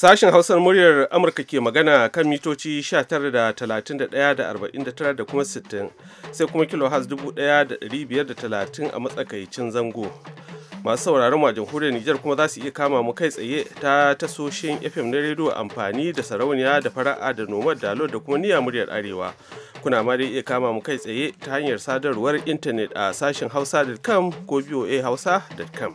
Sashen Hausar muryar Amurka ke magana kan mitoci 19 da kuma 60 sai kuma kilohaz 1530 a matsakaicin zango. Masu sauraron a jamhuriyar Nijar kuma za su iya kama mu kai tsaye ta tasoshin FM na rediyo amfani da sarauniya da fara'a da nomad dalo da kuma niya muryar arewa. Kuna ma dai iya kama mu kai tsaye ta hanyar sadarwar intanet a sashen hausa.com ko voahausa.com.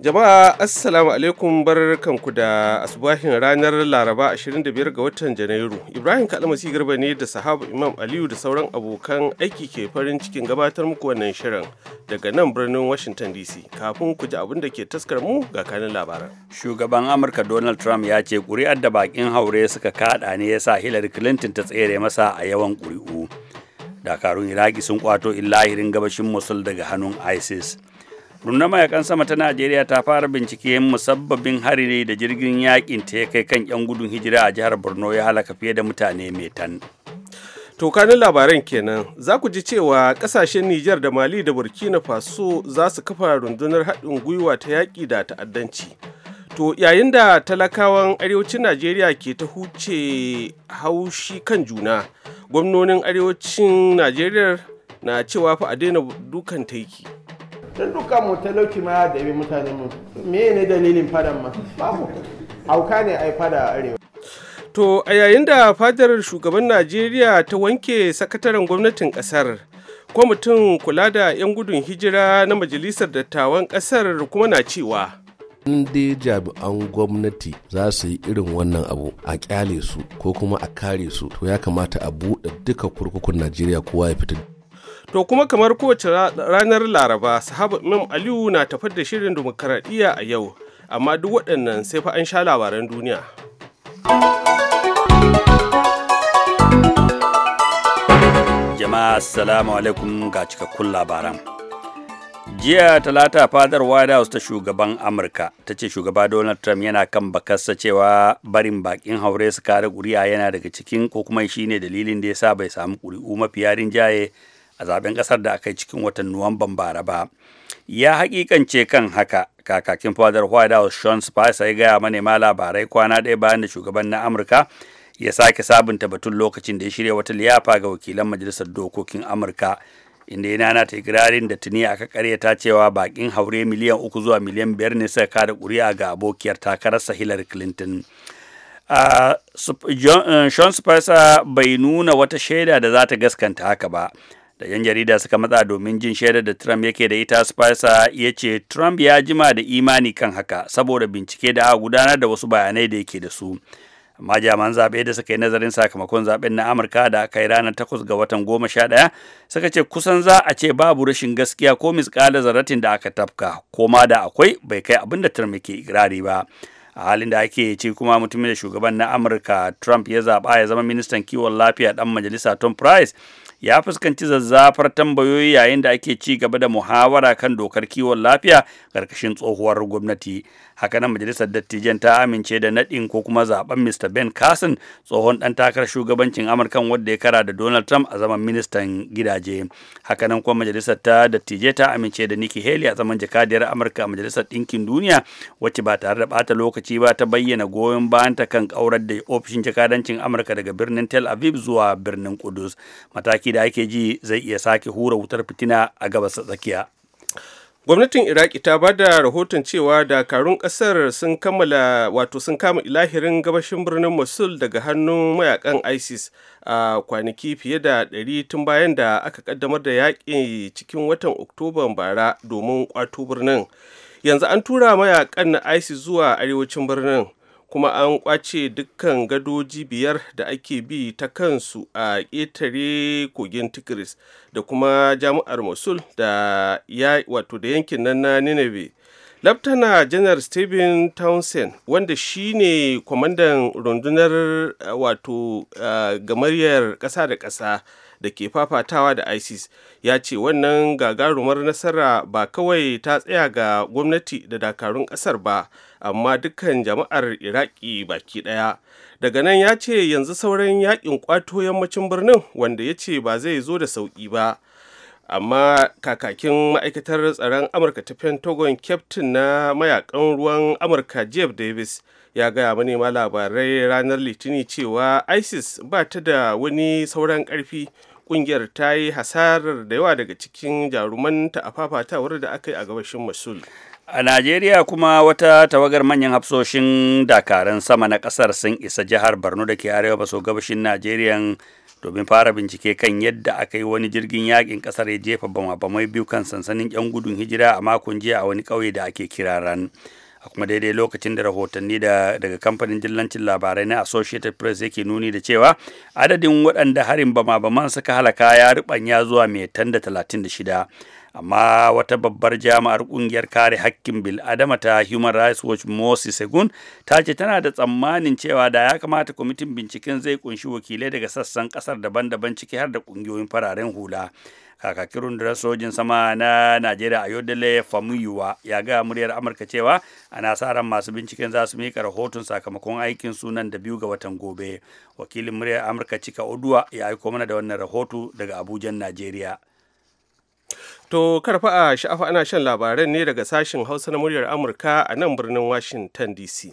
Jama'a Assalamu alaikum barkanku da asubahin ranar Laraba 25 ga watan Janairu. Ibrahim Kalmasi Garba ne da sahabu Imam Aliyu da sauran abokan aiki ke farin cikin gabatar muku wannan shirin daga nan birnin Washington DC. Kafin ku ji abin da ke taskar mu ga kanin labaran. Shugaban Amurka Donald Trump ya ce ƙuri'ar da bakin haure suka kaɗa ne ya sa Hillary Clinton ta tsere masa a yawan ƙuri'u. Dakarun Iraki sun kwato illahirin gabashin Mosul daga hannun ISIS. rundunar mayakan sama ta najeriya ta fara bincike musabbabin hari ne da jirgin yakin ta ya kai kan 'yan gudun hijira a jihar borno ya halaka fiye da mutane mai tan to kanin labaran kenan za ku ji cewa kasashen nijar da mali da burkina faso za su kafa rundunar haɗin gwiwa ta yaƙi da ta'addanci to yayin da talakawan arewacin najeriya ke ta huce haushi kan juna gwamnonin arewacin najeriya na cewa fa a daina dukan taiki tun dukkan mu talauci ma da yi mutane mu me ne dalilin fadan ma babu Auka ne a yi fada a arewa to a yayin da fadar shugaban najeriya ta wanke sakataren gwamnatin kasar mutum kula da 'yan gudun hijira na majalisar dattawan kasar kuma na cewa in dai jami'an gwamnati za su yi irin wannan abu a kyale su ko kuma a kare su to ya kamata a buɗe duka kurkukun najeriya kowa ya fita To kuma kamar kowace ranar Laraba, sahaba Imam Aliyu na tafar da shirin dimokuraɗiyya a yau, amma duk waɗannan sai fa an sha labaran duniya. Jama'a Assalamu alaikum ga cikakkun labaran. Jiya talata fadar White House ta shugaban Amurka ta ce shugaba Donald Trump yana kan bakarsa cewa barin bakin haure su kare ƙuri'a yana daga cikin ko kuma shine dalilin da ya sa bai samu ƙuri'u mafi yarin jaye a zaben kasar da aka yi cikin watan Nuwamban bara ba. Ya hakikance kan haka kakakin fadar White House Sean Spicer ya gaya manema labarai kwana ɗaya bayan da shugaban na Amurka ya sake sabunta batun lokacin da ya shirya wata liyafa ga wakilan majalisar dokokin Amurka inda ya nana ta girarin da tuni aka karyata cewa bakin haure miliyan uku zuwa miliyan biyar ne suka kada kuri'a ga abokiyar takararsa Hillary Clinton. Uh, Sean Spicer bai nuna wata shaida da za ta gaskanta haka ba. da yan jarida suka matsa domin jin shaidar da Trump yake da ita Spicer ya ce Trump ya jima da imani kan haka saboda bincike da aka gudanar da wasu bayanai da yake da su. amma jami'an zaɓe da suka yi nazarin sakamakon zaɓen na amurka da aka yi ranar takwas ga watan goma sha ɗaya suka ce kusan za a ce babu rashin gaskiya ko misƙalar zaratin da aka tafka ko ma da akwai bai kai abin da Trump yake ikirari ba a halin da ake ce kuma mutumin da shugaban na amurka trump ya zaɓa ya zama ministan kiwon lafiya ɗan majalisa tom price ya fuskanci zazzafar tambayoyi yayin da ake ci gaba da muhawara kan dokar kiwon lafiya ƙarƙashin tsohuwar gwamnati hakanan majalisar dattijan ta amince da naɗin ko kuma zaben mr ben carson tsohon ɗan takarar shugabancin amurkan wanda ya kara da donald trump a zaman ministan gidaje hakanan kuma majalisar ta dattijai ta amince da nikki haley a zaman jakadiyar amurka a majalisar ɗinkin duniya wacce ba tare da bata lokaci ba ta bayyana goyon bayan ta kan kaurar da ofishin jakadancin amurka daga birnin tel aviv zuwa birnin kudus mataki da ake ji zai iya sake hura wutar fitina a gabas tsakiya gwamnatin iraki ta ba da rahoton cewa dakarun kasar sun kammala wato sun kama ilahirin gabashin birnin mosul daga hannun mayakan isis a kwanaki fiye da 100 tun bayan da aka kaddamar da yaƙi cikin watan oktoban bara domin kwato birnin yanzu an tura mayakan isis zuwa arewacin birnin kuma an kwace dukkan gadoji biyar da ake bi ta kansu a ƙetare kogin tigris da kuma jami'ar mosul da yankin nan na nineveh laftana janar stephen townsend wanda shine kwamandan rundunar eh, wato eh, gamaryar Kasa da Kasa da ke fafatawa da isis ya ce wannan gagarumar nasara ba kawai ta tsaya ga gwamnati da dakarun ƙasar ba amma dukkan jama'ar iraki baki ɗaya daga nan ya ce yanzu sauran yakin kwato yammacin birnin wanda ya ce ba zai zo da sauƙi ba amma kakakin ma'aikatar tsaron amurka ta pentagon kyaftin na mayakan ruwan amurka jeff davis ya gaya manema labarai ranar litinin cewa isis ba ta da wani sauran karfi kungiyar ta yi hasarar da yawa daga cikin jarumanta a fafatawar da aka yi a gabashin masul A Najeriya kuma wata tawagar manyan hafsoshin dakaran sama na ƙasar sun isa jihar Borno da ke arewa maso gabashin Najeriya domin fara bincike kan yadda aka yi wani jirgin yakin kasar ya jefa bama-bamai biyu kan sansanin 'yan gudun hijira a makon jiya a wani ƙauye da ake kira ran a kuma daidai lokacin da rahotanni daga kamfanin dillancin labarai na associated press yake nuni da cewa adadin waɗanda harin bama-baman suka halaka ya ruɓanya zuwa mai tanda shida. amma wata babbar jami'ar kungiyar kare hakkin bil adama ta human rights watch moses segun ta ce tana da tsammanin cewa da ya kamata kwamitin binciken zai kunshi wakilai daga sassan kasar daban-daban ciki har da ƙungiyoyin fararen hula kakakin rundunar sojin sama na najeriya ayodele famuyuwa ya ga muryar amurka cewa ana sa ran masu binciken za su mika rahoton sakamakon aikin sunan da biyu ga watan gobe wakilin muryar amurka cika oduwa ya aiko mana da wannan rahoto daga abujan najeriya To karfa a sha'afa ana shan labaran ne daga sashen Hausa na muryar Amurka a nan birnin Washington DC.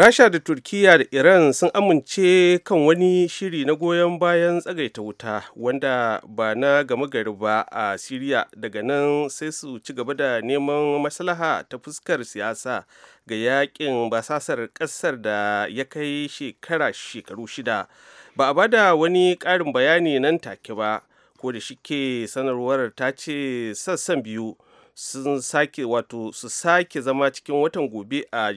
rasha da turkiya da iran sun amince kan wani shiri na goyon bayan tsagaita wuta wanda ba na gama gari ba a siriya daga nan sai su ci gaba da neman maslaha ta fuskar siyasa ga yakin basasar kasar da ya kai shekara shekaru shida ba a bada wani ƙarin bayani nan take ba ko da shike sanarwar ta ce sassan biyu sun sake wato su sake zama cikin watan gobe a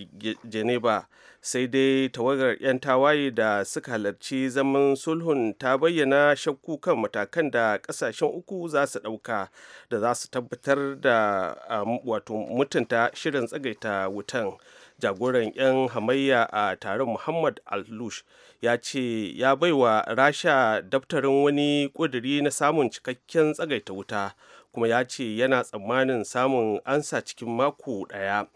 geneva sai dai tawagar 'yan tawaye da suka halarci zaman sulhun ta bayyana shakku kan matakan da kasashen uku za su ɗauka da za su tabbatar da um, wato mutunta shirin tsagaita wutan. jagoran 'yan hamayya a taron muhammad al-lush ya ce ya baiwa rasha daftarin wani ƙuduri na samun cikakken tsagaita wuta kuma ya ce yana tsammanin samun ansa cikin mako ɗaya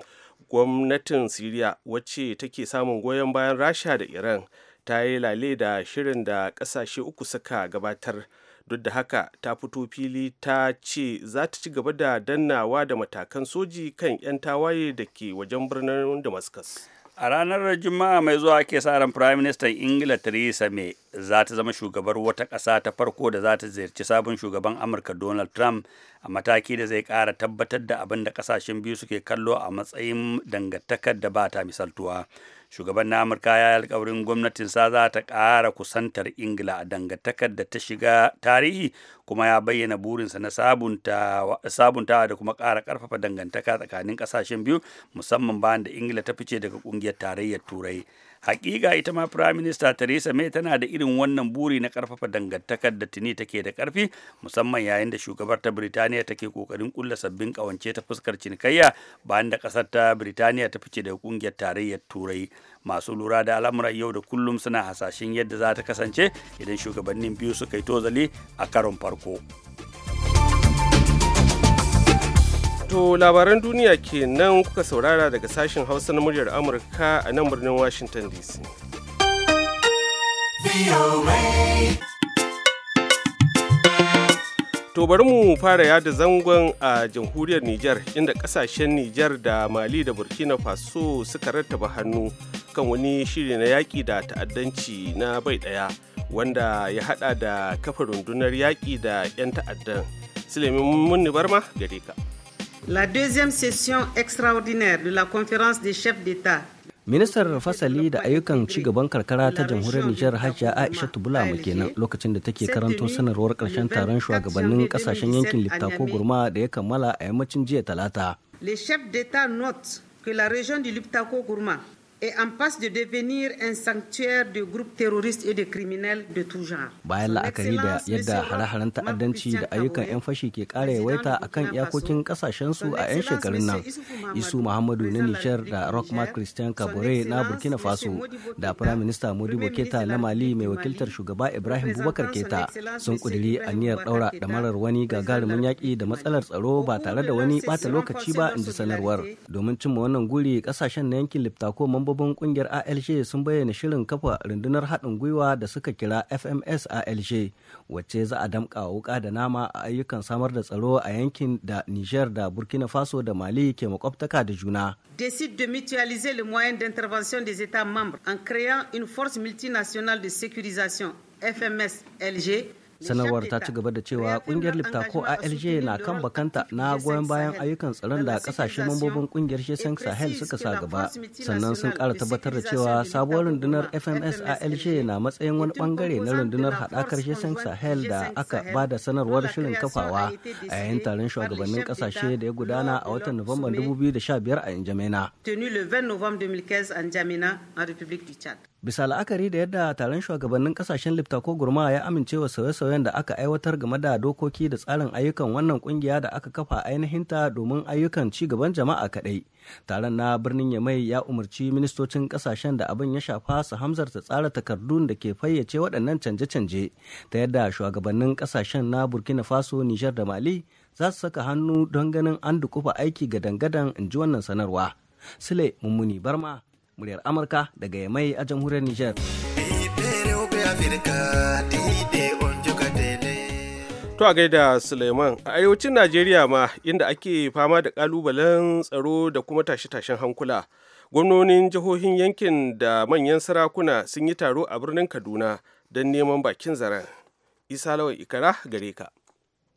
gwamnatin siriya wacce take samun goyon bayan rasha da iran ta yi lale da shirin da ƙasashe uku suka gabatar duk da haka ta fito fili ta ce za ta ci gaba da dannawa da matakan soji kan 'yan tawaye da ke wajen birnin damascus a ranar juma'a mai zuwa ke sa ran prime minister ingila theresa may za ta zama shugabar wata ƙasa ta farko da za ta ziyarci sabon shugaban amurka donald trump a mataki da zai ƙara tabbatar da abin da ƙasashen biyu suke kallo a matsayin dangantakar da ba ta misaltuwa shugaban na amurka ya yi alkawarin gwamnatin sa za ta ƙara kusantar ingila a dangantakar da ta shiga tarihi kuma ya bayyana burinsa na sabuntawa da kuma ƙara ƙarfafa dangantaka tsakanin ƙasashen biyu musamman bayan da ingila ta fice daga ƙungiyar tarayyar turai hakika ita ma prime minister theresa may tana da irin wannan buri na karfafa dangantakar da tuni take da karfi musamman yayin da shugabar ta birtaniya take kokarin kulla sabbin kawance ta fuskar cinikayya bayan da kasar ta birtaniya ta fice daga kungiyar tarayyar turai masu lura da al'amuran yau da kullum suna hasashen yadda za ta kasance idan shugabannin biyu suka yi tozali a karon farko To labaran duniya ke nan kuka saurara daga sashen Hausa na muryar Amurka a nan birnin Washington DC. To bari mu fara yada zangon a jamhuriyar Nijar inda kasashen Nijar da Mali da Burkina Faso suka rattaba hannu kan wani shiri na yaƙi da ta'addanci na bai ɗaya wanda ya haɗa da kafa rundunar yaƙi da 'yan ta'addan. sulemin Munni Barma gare ka. La deuxième session extraordinaire de la conférence des chefs d'État ministar fasali da ayyukan ci gaban karkara ta jamhuriyar nijar hajiya aisha tubula kenan lokacin da take karanto sanarwar karshen taron shugabannin kasashen yankin littako gurma da ya kammala a yammacin jiya talata les chefs d'état note que la région du liptako gurma et en passe de devenir un sanctuaire de groupes terroristes et de criminels de tout genre. Bayan la'akari da yadda hare-haren ta'addanci da ayyukan 'yan fashi ke ƙara yawaita a kan iyakokin su a 'yan shekarun nan, Isu Muhammadu na Nishar da Rockma Christian Kabore na Burkina Faso da Prime Minister Modibo Keta na Mali mai wakiltar shugaba Ibrahim Bubakar Keta sun ƙudiri aniyar ɗaura marar wani gagarumin yaƙi da matsalar tsaro ba tare da wani bata lokaci ba in ji sanarwar. Domin cimma wannan guri ƙasashen na yankin Liptako mambobin kungiyar alg sun bayyana shirin kafa rundunar haɗin gwiwa da suka kira fms alg wacce za a damƙa wuka da nama a ayyukan samar da tsaro a yankin da niger da burkina faso da mali ke makwabtaka da juna décide de mutualiser les moyens d'intervention des états membres en créant une force multinationale de sécurisation fms lg sanarwar ta ci gaba da cewa kungiyar lifta ko alj na kan bakanta na goyon bayan ayyukan tsaron da kasashen mambobin kungiyar shesan sahel suka sa gaba sannan sun kara tabbatar da cewa sabuwar rundunar fms alj na matsayin wani bangare na rundunar haɗakar shesan sahel da aka ba da sanarwar shirin kafawa a yayin taron shugabannin kasashe da ya gudana a watan nuwamban 2015 a injamena. bisa la'akari da yadda taron shugabannin kasashen lifta ko gurma ya amincewa sauye-sauyen da aka aiwatar game da dokoki da tsarin ayyukan wannan kungiya da aka kafa ainihinta domin ayyukan ci gaban jama'a kadai taron na birnin yamai ya umarci ministocin kasashen da abin ya shafa su hamzarta tsara takardun da ke fayyace waɗannan canje-canje ta yadda shugabannin kasashen na burkina faso nijar da mali za su saka hannu don ganin an dukufa aiki ga dangadan in ji wannan sanarwa sule mummuni barma muryar Amurka daga Yamai a jamhuriyar niger To a gaida Suleiman, a arewacin Najeriya ma inda ake fama da kalubalen tsaro da kuma tashe-tashen hankula. Gwamnonin jihohin yankin da manyan sarakuna sun yi taro a birnin Kaduna don neman bakin zaren. Isa Lawan Ikara gare ka.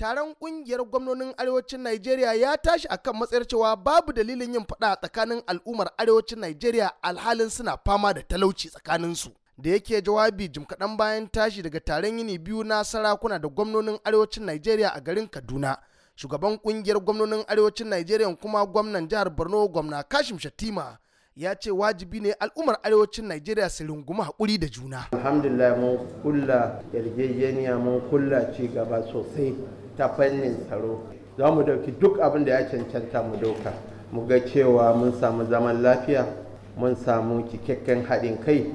taron kungiyar gwamnonin arewacin Najeriya ya tashi akan matsayar cewa babu dalilin yin fada tsakanin al'ummar arewacin Najeriya alhalin suna fama da talauci tsakanin su. Da yake jawabi jim kaɗan bayan tashi daga taron yini biyu na sarakuna da gwamnonin arewacin Najeriya a garin Kaduna. Shugaban kungiyar gwamnonin arewacin Najeriya kuma gwamnan jihar Borno gwamna Kashim Shatima ya ce wajibi ne al'ummar arewacin Najeriya su rungumi hakuri da juna. Alhamdulillah mun kulla yarjejeniya mun kula ci gaba sosai ta fannin tsaro. Za mu dauki duk abin da ya cancanta mu dauka. Mu ga cewa mun samu zaman lafiya, mun samu cikakken haɗin kai.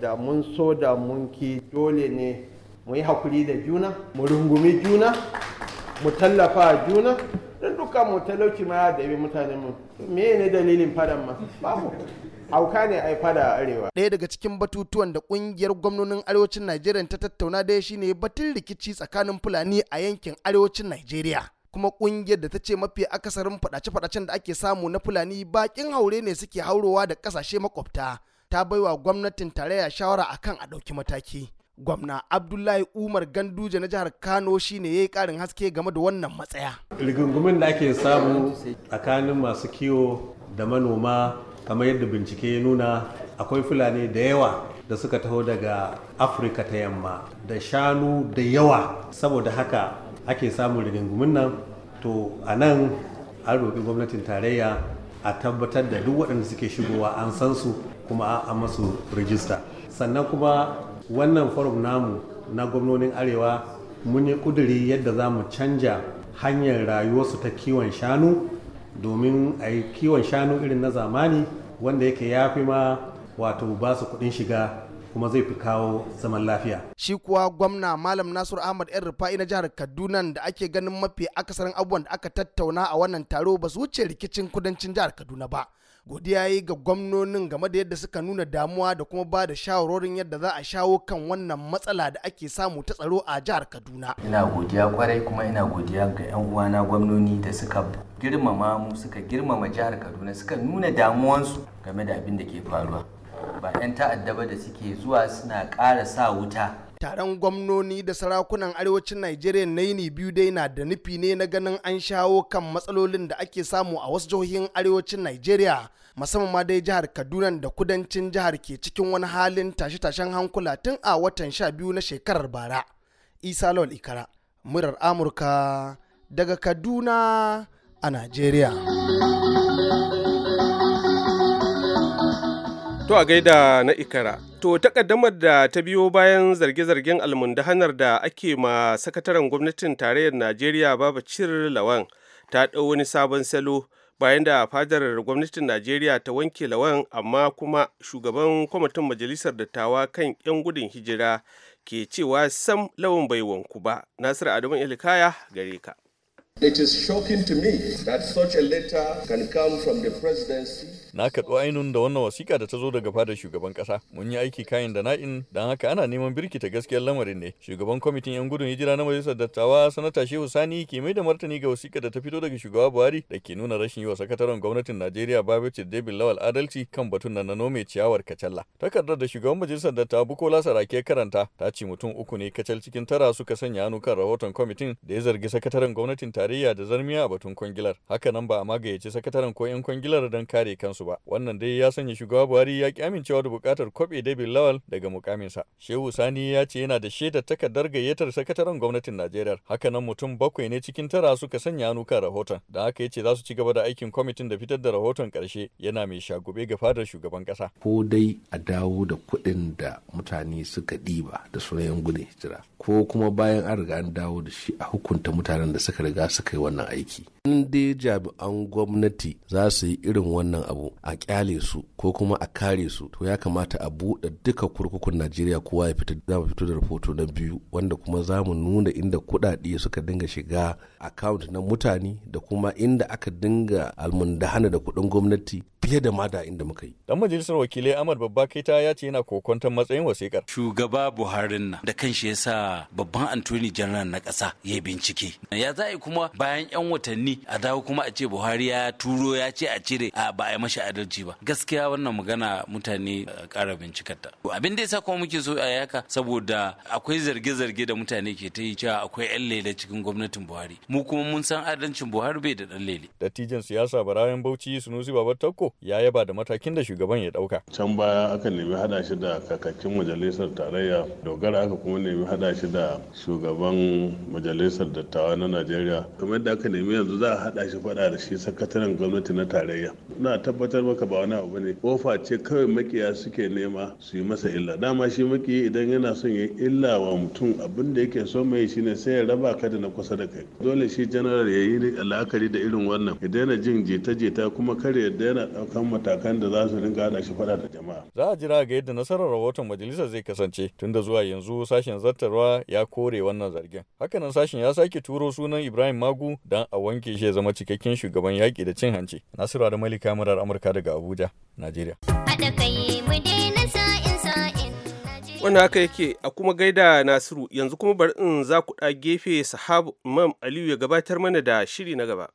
Da mun so da mun ki dole ne mu yi haƙuri da juna, mu rungumi juna, mu tallafa juna. suka mu talauci ma da yi mutane mu me ne dalilin fadan ma babu auka ne ai fada a arewa ɗaya daga cikin batutuwan da kungiyar gwamnonin arewacin Najeriya ta tattauna da shine batun rikici tsakanin Fulani a yankin arewacin Najeriya kuma kungiyar da ta ce mafi akasarin fadace-fadacen da ake samu na Fulani bakin haure ne suke haurowa da kasashe makwabta ta baiwa gwamnatin tarayya shawara akan a ɗauki mataki gwamna abdullahi umar ganduje na jihar kano shine ya yi karin haske game da wannan matsaya rigungumin da ake samu tsakanin masu kiwo da manoma kamar yadda bincike ya nuna akwai fulani da yawa da suka taho daga afirka ta yamma da shanu da yawa saboda haka ake samun rigungumin nan to a nan an roƙi gwamnatin tarayya a tabbatar da duk waɗanda suke shigowa an san su kuma an masu rijista sannan kuma wannan forum namu na gwamnonin arewa mun yi kuduri yadda za mu canja hanyar rayuwarsu ta kiwon shanu domin a yi kiwon shanu irin na zamani wanda yake yafi ma wato ba su kuɗin shiga kuma zai fi kawo zaman lafiya. Shi kuwa gwamna Malam Nasiru Ahmad ‘yan rufa'i na jihar Kaduna da ake ganin mafi akasarin abubuwan da aka tattauna a wannan taro ba su wuce rikicin kudancin jihar Kaduna ba. godiya yi ga gwamnonin game da yadda suka nuna damuwa da kuma ba da shawarorin yadda za a shawo kan wannan matsala da ake samu ta tsaro a jihar kaduna ina godiya kwarai kuma ina godiya ga 'yan uwana gwamnoni da suka girmama mu suka girmama jihar kaduna suka nuna damuwansu game da abin da ke faruwa ba 'yan ta'adda ba da suke zuwa suna ƙara sa wuta taron gwamnoni da sarakunan arewacin Najeriya na yini biyu dai na da nufi ne na ganin an shawo kan matsalolin da ake samu a wasu jihohin arewacin Najeriya musamman ma dai jihar Kaduna da kudancin jihar ke cikin wani halin tashe-tashen hankula tun a watan sha biyu na shekarar bara. Isa Lawal Ikara, murar Amurka daga Kaduna a Najeriya. To a gaida na Ikara. To takaddamar da ta biyo bayan zarge-zargen almundahanar da ake ma sakataren gwamnatin tarayyar Najeriya babu cir Lawan ta ɗau wani sabon salo bayan da fadar gwamnatin Najeriya ta wanke Lawan amma kuma shugaban kwamitin majalisar dattawa kan 'yan gudun hijira ke cewa sam lawan bai wanku ba. Nasiru Adamu Ilkaya gare ka. It is shocking to me that such a letter can come from the presidency. Na kaɗu ainihin da wannan wasiƙa da ta zo daga fadar shugaban ƙasa. Mun yi aiki kayan da na'in don haka ana neman birkita gaskiyar lamarin ne. Shugaban kwamitin 'yan gudun hijira na majalisar dattawa sanata Shehu Sani ke mai da martani ga wasiƙa da ta fito daga shugaba Buhari da ke nuna rashin yi wa sakataren gwamnatin Najeriya Babacir David Lawal adalci kan batun nan na nome ciyawar kacalla. Takardar da shugaban majalisar dattawa Bukola Sarake karanta ta ce mutum uku ne kacal cikin tara suka sanya hannu kan rahoton kwamitin da ya zargi sakataren gwamnatin ta tarayya da zarmiya a batun kwangilar hakanan ba a magayyaci sakataren ko 'yan kwangilar don kare kansu ba wannan dai ya sanya shugaba buhari ya ki amincewa da bukatar kwabe david lawal daga mukaminsa shehu sani ya ce yana da shaidar takardar gayyatar sakataren gwamnatin najeriya hakanan mutum bakwai ne cikin tara suka sanya hannu kan rahoton da haka ya ce za su ci gaba da aikin kwamitin da fitar da rahoton karshe yana mai shagube ga fadar shugaban kasa ko dai a dawo da kuɗin da mutane suka ɗiba da sunayen gudun hijira ko kuma bayan an riga an dawo da shi a hukunta mutanen da suka riga suka yi wannan aiki in dai jami'an gwamnati za su yi irin wannan abu a kyale su ko kuma a kare su to ya kamata a buɗe duka kurkukun najeriya kowa ya fito za mu fito da rahoto na biyu wanda kuma za mu nuna inda kuɗaɗe suka dinga shiga akawunt na mutane da kuma inda aka dinga almundahana da kuɗin gwamnati fiye da ma da inda muka yi. Dan majalisar wakilai Ahmad Babba Keita ya ce yana kokwantar matsayin wasikar. Shugaba Buharin na da kanshi ya sa babban Antony General na ƙasa ya bincike. Ya za kuma yawa bayan yan watanni a dawo kuma a ce buhari ya turo ya ce a cire a ba a yi mashi adalci ba gaskiya wannan magana mutane kara eh, bincikarta abin da yasa kuma muke so a yaka saboda akwai zarge-zarge da mutane ke ta yi cewa akwai yan lele cikin gwamnatin buhari mu kuma mun san adalcin buhari bai da dan lele dattijan siyasa barayan bauchi sunusi babar tako ya yaba da matakin da shugaban ya dauka can baya aka nemi hada shi da kakakin majalisar tarayya dogara aka kuma nemi hada shi da shugaban majalisar dattawa na najeriya kamar da aka nemi yanzu za a haɗa shi faɗa da shi sakataren gwamnati na tarayya na tabbatar maka ba wani abu ne kofa ce kawai makiya suke nema su yi masa illa dama shi makiyi idan yana son ya illa wa mutum abin da yake so mai shine sai ya raba ka da na kusa da kai dole shi janaral ya yi la'akari da irin wannan ya daina jin jita-jita kuma kare yadda yana ɗaukan matakan da za su rinka haɗa shi faɗa da jama'a za a jira ga yadda nasarar rahoton majalisar zai kasance tunda zuwa yanzu sashen zartarwa ya kore wannan zargin hakanan sashen ya sake turo sunan ibrahim magu don a wanke shi ya zama cikakken shugaban yaƙi da cin hanci nasiru da malika murar amurka daga abuja najeriya wannan haka yake a kuma gaida nasiru yanzu kuma bari in za ku ɗa gefe sahabu mam aliyu ya gabatar mana da shiri na gaba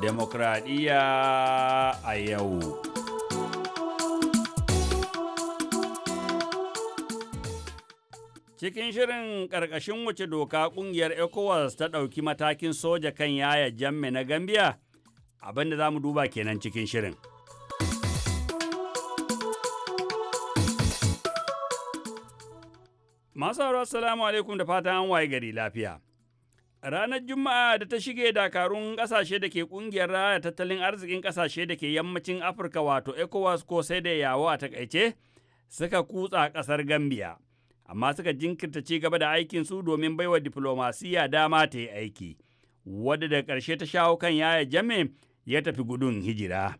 demokradiyya a yau. Cikin shirin ƙarƙashin wace doka ƙungiyar ECOWAS ta ɗauki matakin soja kan yaya jamme na Gambia? Abin da za mu duba kenan cikin shirin. Masu Salamu alaikum da fata an waye gari lafiya. Ranar Juma'a da ta shige dakarun ƙasashe da ke ƙungiyar raya tattalin arzikin ƙasashe da ke yammacin Afirka wato ECOWAS ko sai da yawo a takaice suka kutsa ƙasar Gambia. amma suka jinkirta ci gaba da aikin su domin baiwa diflomasiya dama ta yi aiki, wadda da ƙarshe ta shawo kan yaya jame ya tafi gudun hijira.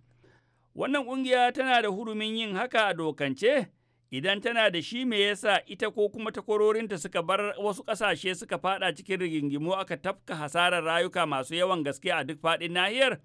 Wannan ƙungiya tana da hurumin yin haka a dokance, idan tana da shi me yasa ita ko kuma takwarorinta suka bar wasu ƙasashe suka fada cikin rigingimu aka tafka hasarar rayuka masu yawan gaske a duk faɗin nahiyar?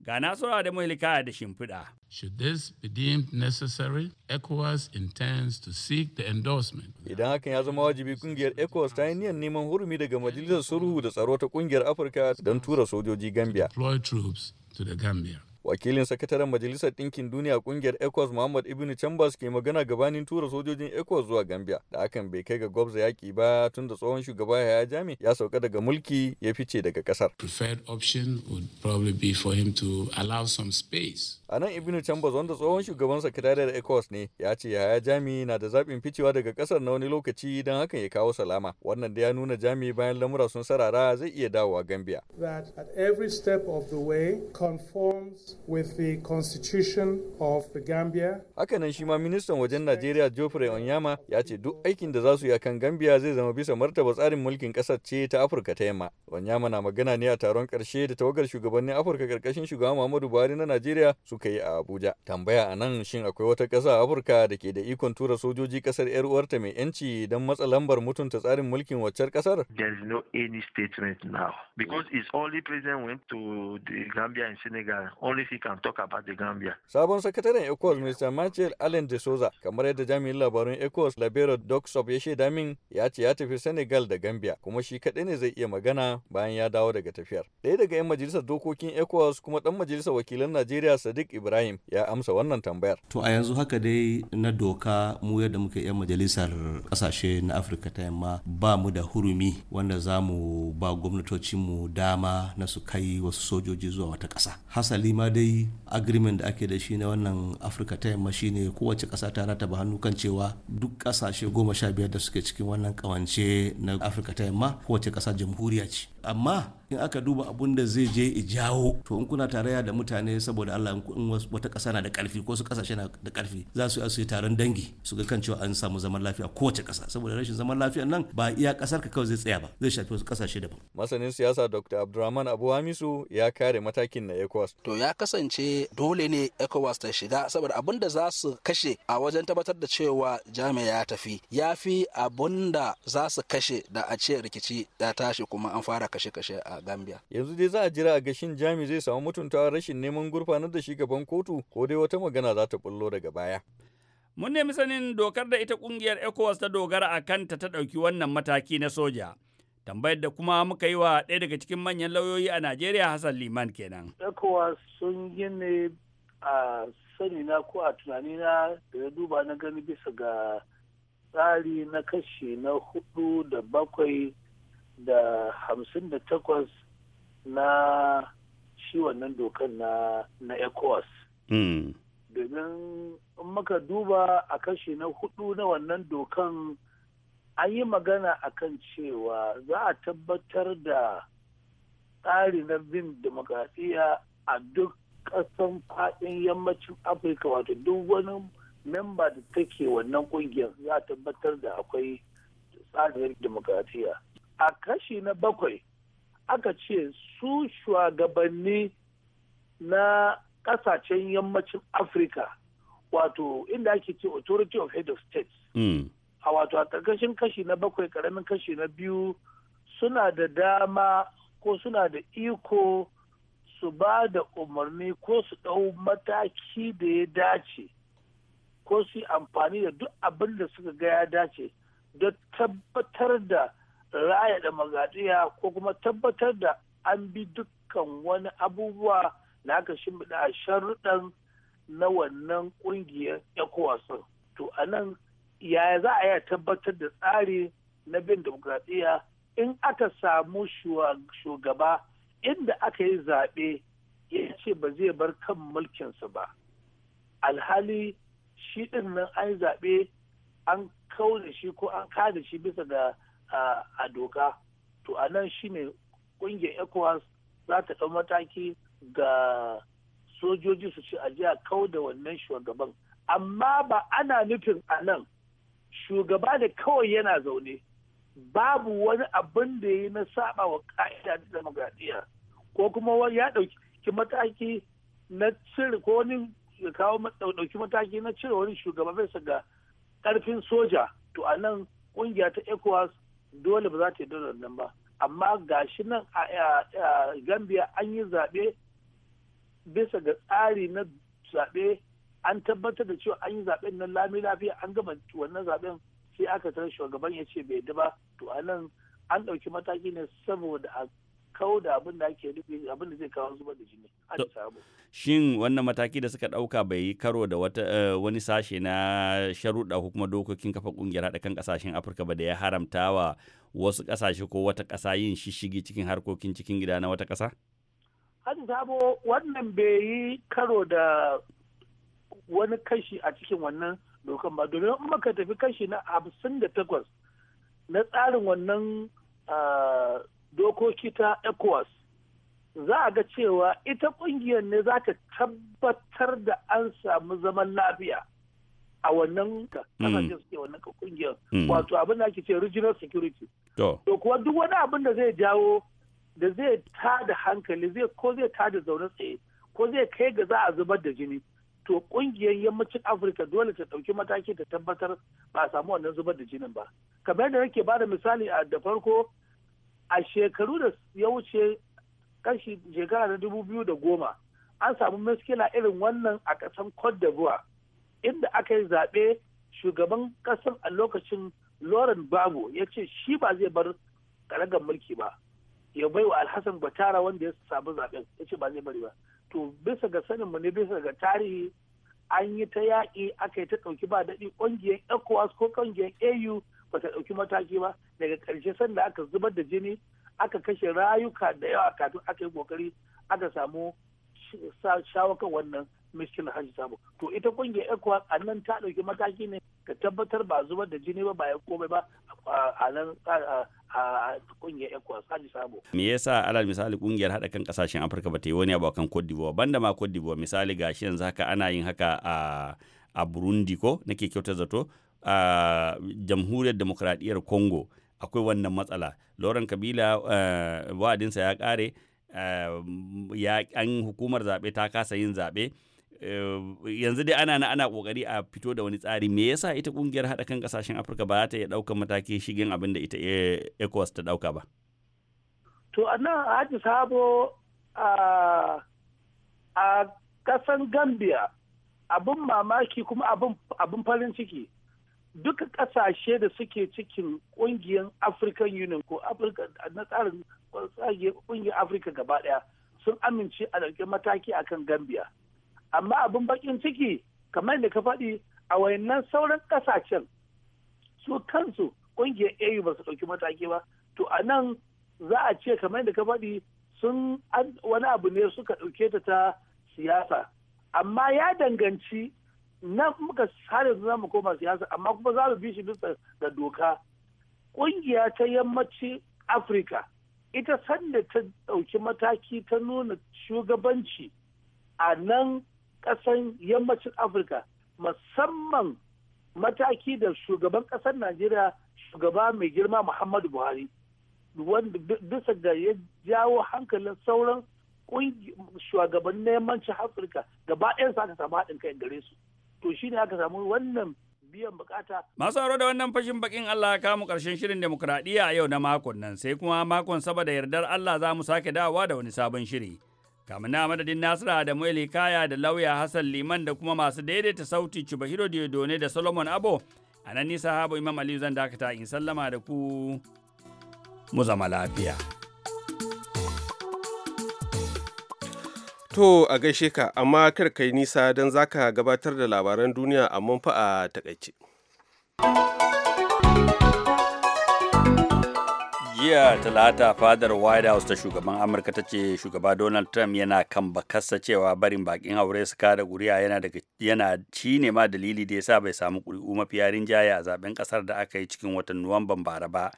Ga Nasura da Mailika da shimfiɗa. Should this be deemed necessary, ECOWAS intends to seek the endorsement. Idan hakan ya zama wajibi kungiyar ECOWAS ta yi niyan neman hurumi daga Majalisar Sulhu da Tsaro ta kungiyar Afirka don tura sojoji Gambia. Deploy troops to the Gambia. wakilin sakataren majalisar ɗinkin duniya ƙungiyar ecos muhammad ibn chambers ke magana gabanin tura sojojin ecos zuwa gambia da hakan bai kai ga gwabza yaƙi ba tun da tsohon shugaba yahaya jami ya sauka daga mulki ya fice daga ƙasar a nan ibnu chambers wanda tsohon shugaban sakatariyar ecowas ne ya ce yaya jami na da zaɓin ficewa daga ƙasar na wani lokaci don hakan ya kawo salama wannan da ya nuna jami bayan lamura sun sarara zai iya dawowa gambia that at every step of the way conforms with the constitution of the gambia hakanan shi ma ministan wajen najeriya geoffrey onyama ya ce duk aikin da za su yi kan gambia zai zama bisa martaba tsarin mulkin ƙasar ce ta afirka ta yamma onyama na magana ne a taron ƙarshe da tawagar shugabannin afirka ƙarƙashin shugaban muhammadu buhari na najeriya su suka yi a Abuja. Tambaya a nan shin akwai wata ƙasa Afirka da ke da ikon tura sojoji ƙasar 'yar uwarta mai 'yanci don matsa lambar mutunta tsarin mulkin waccar ƙasar? There is no any statement now because it's only president went to the Gambia and Senegal only he can talk about the Gambia. Sabon sakataren ECOWAS Mr. Michael Allen de Souza kamar yadda jami'in labarun ECOWAS Labero Doksop ya shaida damin ya ce ya tafi Senegal da Gambia kuma shi kaɗai ne zai iya magana bayan ya dawo daga tafiyar. daya daga 'yan majalisar dokokin ECOWAS kuma ɗan majalisar wakilan Najeriya Sadiq Sadiq Ibrahim ya amsa wannan tambayar. To a yanzu haka dai na doka mu yadda muke 'yan majalisar kasashe na Afirka ta yamma ba mu da hurumi wanda za mu ba mu dama na su kai wasu sojoji zuwa wata ƙasa. Hasali ma dai agreement da ake da shi na wannan Afirka ta yamma shine kowace ƙasa ta ba hannu kan cewa duk ƙasashe goma sha biyar da suke cikin wannan ƙawance na Afirka ta yamma kowace ƙasa jamhuriya ce. Amma in aka duba abun da zai je ijawo to in kuna tarayya da mutane saboda Allah in wata ƙasa na da ƙarfi ko su ƙasashe na da ƙarfi za su yi taron dangi su ga kan cewa an samu zaman lafiya kowace ƙasa saboda rashin zaman lafiya nan ba iya ƙasar ka kawai zai tsaya ba zai shafi wasu ƙasashe daban. Masanin siyasa Dr. Abdulrahman Abu Hamisu ya kare matakin na ECOWAS. To ya kasance dole ne ECOWAS ta shiga saboda abin da za su kashe a wajen tabbatar da cewa jami'a ya tafi ya fi abin da za su kashe da a ce rikici ya tashi kuma an fara kashe-kashe a Gambia. Yanzu dai za a jira a gashin jami zai samu mutuntawa rashin neman gurfanar da shi ga gaban kotu ko dai wata magana za ta bullo daga baya. Mun nemi sanin dokar da ita kungiyar ECOWAS ta dogara a kanta ta ɗauki wannan mataki na soja. Tambayar da kuma muka yi wa ɗaya daga cikin manyan lauyoyi a Najeriya Hassan Liman kenan. ECOWAS sun yi a sani na ko a tunani na da ya duba na gani bisa ga tsari na kashi na hudu da bakwai da hamsin da takwas na shi wannan dokan na na ECOWAS. Hmm. Domin in muka duba a kashi na hudu na wannan dokan an yi magana akan cewa za a tabbatar da tsari na bin demokradiyya a duk ƙasan faɗin yammacin afirka wato duk wani memba da take wannan ƙungiyar za a tabbatar da akwai tsarin demokradiyya a kashi na bakwai aka ce su shugabanni na kasashen yammacin afirka wato inda ake ce authority of head of states hmm. a wato a ƙarƙashin kashi na bakwai ƙaramin kashi na biyu suna da dama ko suna da iko su ba da umarni ko su ɗau mataki da ya dace ko su yi amfani da duk abinda suka ga ya dace don tabbatar da raya magadiya ko kuma tabbatar da an bi dukkan wani abubuwa na aka shimfiɗa a sharuɗan na wannan ƙungiyar ECOWAS. To a nan yaya za a yi tabbatar da tsari na bin demokradiyya in aka samu shugaba inda aka yi zaɓe ya ce ba zai bar kan mulkinsa ba. Alhali shi ɗin nan an yi zaɓe an kau da shi ko an kada shi bisa ga a doka to a nan shi ne kungiyar ecowas za ta ɗau mataki ga sojoji su ci ajiya kau da wannan shugaban amma ba ana nufin a nan shugaba da kawai yana zaune babu wani abin da ya yi na saba wa ka'ida da demokradiyya ko kuma ya ɗauki mataki na cire ko wani ya kawo ɗauki mataki na cire wani shugaba bisa ga ƙarfin soja to a nan ƙungiya ta ecowas dole ba za ta yi da nan ba amma ga shi nan a gambia an yi zaɓe bisa ga tsari na zaɓe an tabbatar da cewa an yi zaɓen nan lami lafiya an gama wannan zaɓen sai aka tarar shugaban ya ce bai da ba to a nan an ɗauki mataki ne saboda a kawo da abin da ake nufi abin da zai kawo zubar da jini an samu shin wannan mataki da suka dauka bai yi karo da wata eh, wani sashe na sharuɗa ko kuma dokokin kafa kungiyar haɗa kan kasashen Afirka ba da ya haramta wa wasu kasashe ko wata ƙasa yin shishigi cikin harkokin cikin gida na wata ƙasa Hadi sabo wannan bai yi karo da wani kashi a cikin wannan dokan ba domin in maka tafi kashi na hamsin da takwas na tsarin wannan ah, dokoki ta ECOWAS za a ga cewa ita ƙungiyar ne za ta tabbatar da an samu zaman lafiya a wannan kasashen mm. suke wannan ƙungiyar mm. wato abin da ake ce regional security to kuwa duk wani abin da zai jawo da zai ta da hankali zai ko zai ta da zaune tsaye ko zai kai ga za a zubar da jini to kungiyar yammacin afirka dole ta ɗauki mataki ta tabbatar ba a samu wannan zubar da jinin ba kamar yadda nake da misali a da farko a shekaru da ya wuce kashi shekara da dubu biyu da goma an samu maskila irin wannan a ƙasan Cote d'Ivoire inda aka yi zaɓe shugaban ƙasar a lokacin Lauren babu ya ce shi ba zai bar karagar mulki ba ya bai wa Alhassan Batara wanda ya samu zaɓen ya ce ba zai bari ba to bisa ga sanin mu ne bisa ga tarihi an yi ta yaƙi aka yi ta ɗauki ba daɗi ƙungiyar ECOWAS ko ƙungiyar AU ba ta ɗauki mataki ba daga ƙarshe sanda aka zubar da jini aka kashe rayuka da yawa kafin aka yi ƙoƙari aka samu shawakan wannan miskin hajji sabo to ita ƙungiyar ecowas a nan ta ɗauki mataki ne ka tabbatar ba zubar da jini ba ba ya komai ba a nan a ƙungiyar ecowas hajji sabo. me yasa alal misali ƙungiyar haɗa kan ƙasashen afirka ba ta yi wani abu kan cote d'ivoire banda ma cote d'ivoire misali gashi yanzu haka ana yin haka a a burundi ko nake kyautar zato a jamhuriyar demokradiyyar congo akwai wannan matsala lauren kabila eh, wa'adinsa ya kare eh, ya an hukumar zaɓe ta kasa yin zaɓe eh, yanzu dai ana ana kokari a fito da wani tsari me yasa ita kungiyar haɗa kan kasashen afirka ba za ta iya ɗaukar mataki shigen abin da ita ecowas ta ɗauka ba to nan haji sabo a a kasan gambia abin mamaki kuma abin farin ciki duka ƙasashe da suke cikin ƙungiyar African Union ko na tsarin ƙungiyar Afirka gaba ɗaya sun amince a ɗauki mataki akan Gambia. Amma abin bakin ciki kamar da ka faɗi a wayannan sauran kasashen su kansu ƙungiyar AU ba su ɗauki mataki ba. To a nan za a ce kamar da ka faɗi sun wani abu ne suka ɗauke ta ta siyasa. Amma ya danganci na muka sare su za mu koma siyasa amma kuma za mu bi shi bisa da doka ƙungiya ta yammacin afirka ita sanda ta ɗauki mataki ta nuna shugabanci a nan kasan yammacin afirka musamman mataki da shugaban ƙasar najeriya shugaba mai girma muhammadu buhari wanda bisa ga ya jawo hankalin sauran shugabannin yammacin afirka gaba ɗayan sa aka samu haɗin kai gare su to shi ne aka samu wannan biyan bukata. Masu da wannan fashin bakin Allah ya kamu karshen shirin demokuraɗiyya a yau na makon nan sai kuma makon saba da yardar Allah za mu sake dawowa da wani sabon shiri. Kamin na madadin Nasira da Mueli Kaya da lauya Hassan Liman da kuma masu daidaita sauti Cibahiro Diodone da Solomon Abo a nan nisa habu Imam Aliyu zan dakata in sallama da ku mu zama lafiya. To a gaishe ka amma kar kai nisa don zaka gabatar da labaran duniya a fa a takaice. jiya talata fadar white house ta shugaban amurka ta ce shugaba donald trump yana kan bakarsa cewa barin bakin aure su kada kuri'a yana daga ci ne ma dalili da sa bai samu kuri'u mafi yarin jaya a zaben kasar da aka yi cikin watan nuwamban bara ba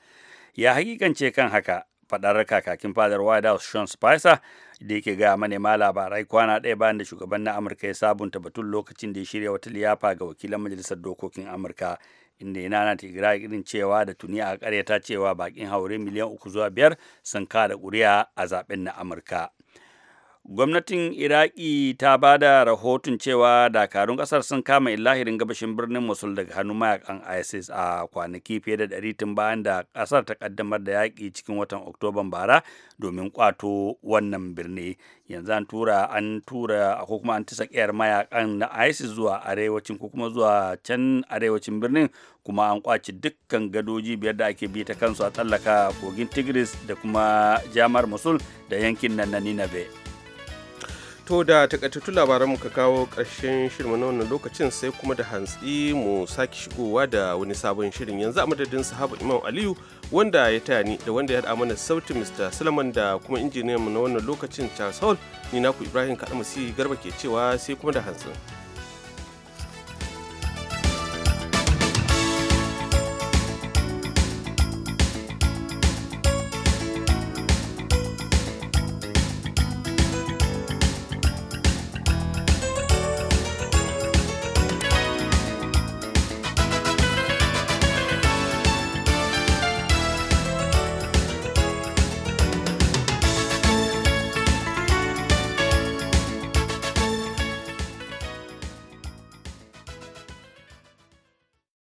ya hakikance kan haka faɗar kakakin fadar white house sean spicer da yake ga manema labarai kwana ɗaya bayan da shugaban na amurka ya sabunta batun lokacin da ya shirya wata liyafa ga wakilan majalisar dokokin amurka inda yana na tigira irin cewa da tuni a ta cewa bakin haure miliyan uku zuwa biyar sun kada ƙuri'a a zaben na amurka gwamnatin iraki ta ba da rahoton cewa dakarun kasar sun kama illahirin gabashin birnin musul daga hannun mayakan isis a kwanaki fiye da ɗari tun bayan da kasar ta kaddamar da yaƙi cikin watan oktoban bara domin kwato wannan birni yanzu an tura an tura ko kuma an tisa kiyar mayakan na isis zuwa arewacin ko kuma zuwa can arewacin birnin kuma an kwaci dukkan gadoji biyar da ake bi ta kansu a tsallaka kogin tigris da kuma jamar musul da yankin nan na ninabe To da takaitattun labaran ka kawo ƙarshen shirin wannan lokacin sai kuma da hantsi mu sake shigowa da wani sabon shirin yanzu a madadin sahabu Imam Aliyu wanda ya taya ni da wanda ya haɗa mana sautin Mr. Sulaiman da kuma injiniyan mu na wannan lokacin Charles Hall ni naku Ibrahim Kaɗa Garba ke cewa sai kuma da hantsin.